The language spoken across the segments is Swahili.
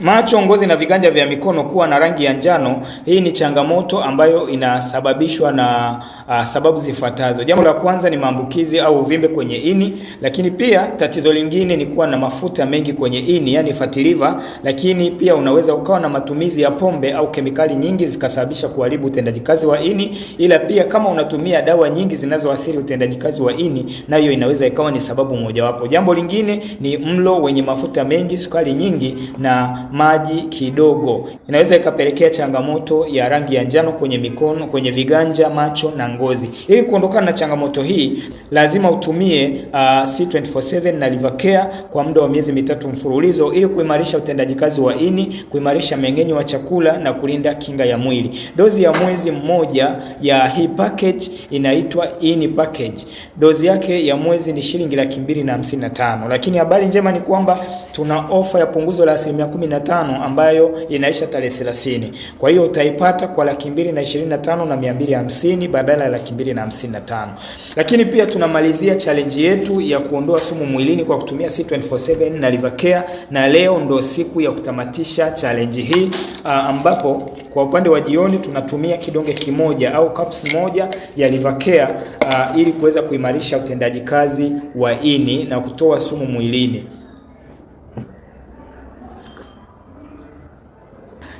Macho, ngozi na viganja vya mikono kuwa na rangi ya njano. Hii ni changamoto ambayo inasababishwa na uh, sababu zifuatazo. Jambo la kwanza ni maambukizi au uvimbe kwenye ini, lakini pia tatizo lingine ni kuwa na mafuta mengi kwenye ini, yani fatty liver, lakini pia unaweza ukawa na matumizi ya pombe au kemikali nyingi zikasababisha kuharibu utendaji kazi wa ini, ila pia kama unatumia dawa nyingi zinazoathiri utendaji kazi wa ini, nayo inaweza ikawa ni sababu mojawapo. Jambo lingine ni mlo wenye mafuta mengi, sukari nyingi na maji kidogo, inaweza ikapelekea changamoto ya rangi ya njano kwenye mikono, kwenye viganja, macho na ngozi. Ili kuondokana na changamoto hii, lazima utumie uh, ah, C24/7 na Livercare kwa muda wa miezi mitatu mfululizo ili kuimarisha utendaji kazi wa ini, kuimarisha mmeng'enyo wa chakula na kulinda kinga ya mwili. Dozi ya mwezi mmoja ya hii package inaitwa ini package. Dozi yake ya mwezi ni shilingi laki mbili na hamsini na tano, lakini habari njema ni kwamba tuna ofa ya punguzo la asilimia kumi na tano ambayo inaisha tarehe 30. Kwa hiyo utaipata kwa laki mbili na ishirini na tano na mia mbili hamsini badala ya laki mbili na hamsini na tano. Lakini pia tunamalizia challenge yetu ya kuondoa sumu mwilini kwa kutumia C247 na Care, na leo ndo siku ya kutamatisha challenge hii ambapo kwa upande wa jioni tunatumia kidonge kimoja au cups moja ya uh, ili kuweza kuimarisha utendaji kazi wa ini na kutoa sumu mwilini.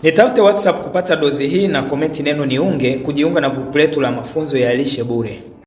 Nitafute WhatsApp kupata dozi hii na komenti neno niunge kujiunga na grupu letu la mafunzo ya lishe bure